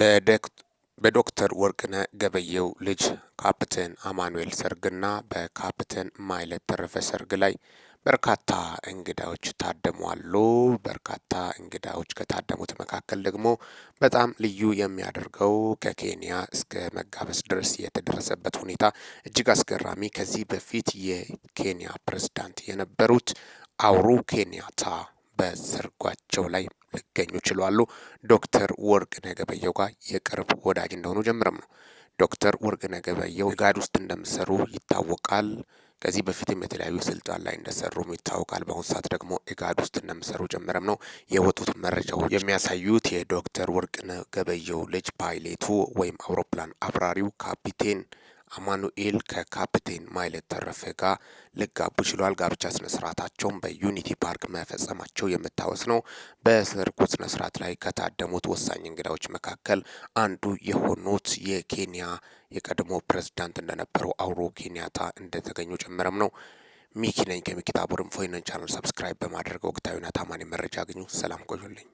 በዶክተር ወርቅነ ገበየው ልጅ ካፕቴን አማኑኤል ሰርግና በካፕቴን ማይለት ተረፈ ሰርግ ላይ በርካታ እንግዳዎች ታደሟሉ። በርካታ እንግዳዎች ከታደሙት መካከል ደግሞ በጣም ልዩ የሚያደርገው ከኬንያ እስከ መጋበዝ ድረስ የተደረሰበት ሁኔታ እጅግ አስገራሚ። ከዚህ በፊት የኬንያ ፕሬዝዳንት የነበሩት አውሩ ኬንያታ በሰርጓቸው ላይ ሊገኙ ችሏሉ። ዶክተር ወርቅነህ ገበየሁ ጋር የቅርብ ወዳጅ እንደሆኑ ጀምረም ነው። ዶክተር ወርቅነህ ገበየሁ ጋድ ውስጥ እንደሚሰሩ ይታወቃል። ከዚህ በፊትም የተለያዩ ስልጣን ላይ እንደሰሩም ይታወቃል። በአሁኑ ሰዓት ደግሞ ኢጋድ ውስጥ እንደሚሰሩ ጀምረም ነው የወጡት መረጃዎች የሚያሳዩት። የዶክተር ወርቅነህ ገበየሁ ልጅ ፓይሌቱ ወይም አውሮፕላን አብራሪው ካፒቴን አማኑኤል ከካፕቴን ማይለት ተረፈ ጋር ልጋቡ ችሏል። ጋብቻ ስነስርዓታቸውን በዩኒቲ ፓርክ መፈጸማቸው የምታወስ ነው። በሰርጉ ስነስርዓት ላይ ከታደሙት ወሳኝ እንግዳዎች መካከል አንዱ የሆኑት የኬንያ የቀድሞ ፕሬዝዳንት እንደነበረው አውሮ ኬንያታ እንደተገኙ ጭምርም ነው። ሚኪ ነኝ ከሚኪታቡርም ፎይነን ቻናል ሰብስክራይብ በማድረግ ወቅታዊና ታማኝ መረጃ አግኙ። ሰላም ቆዩልኝ።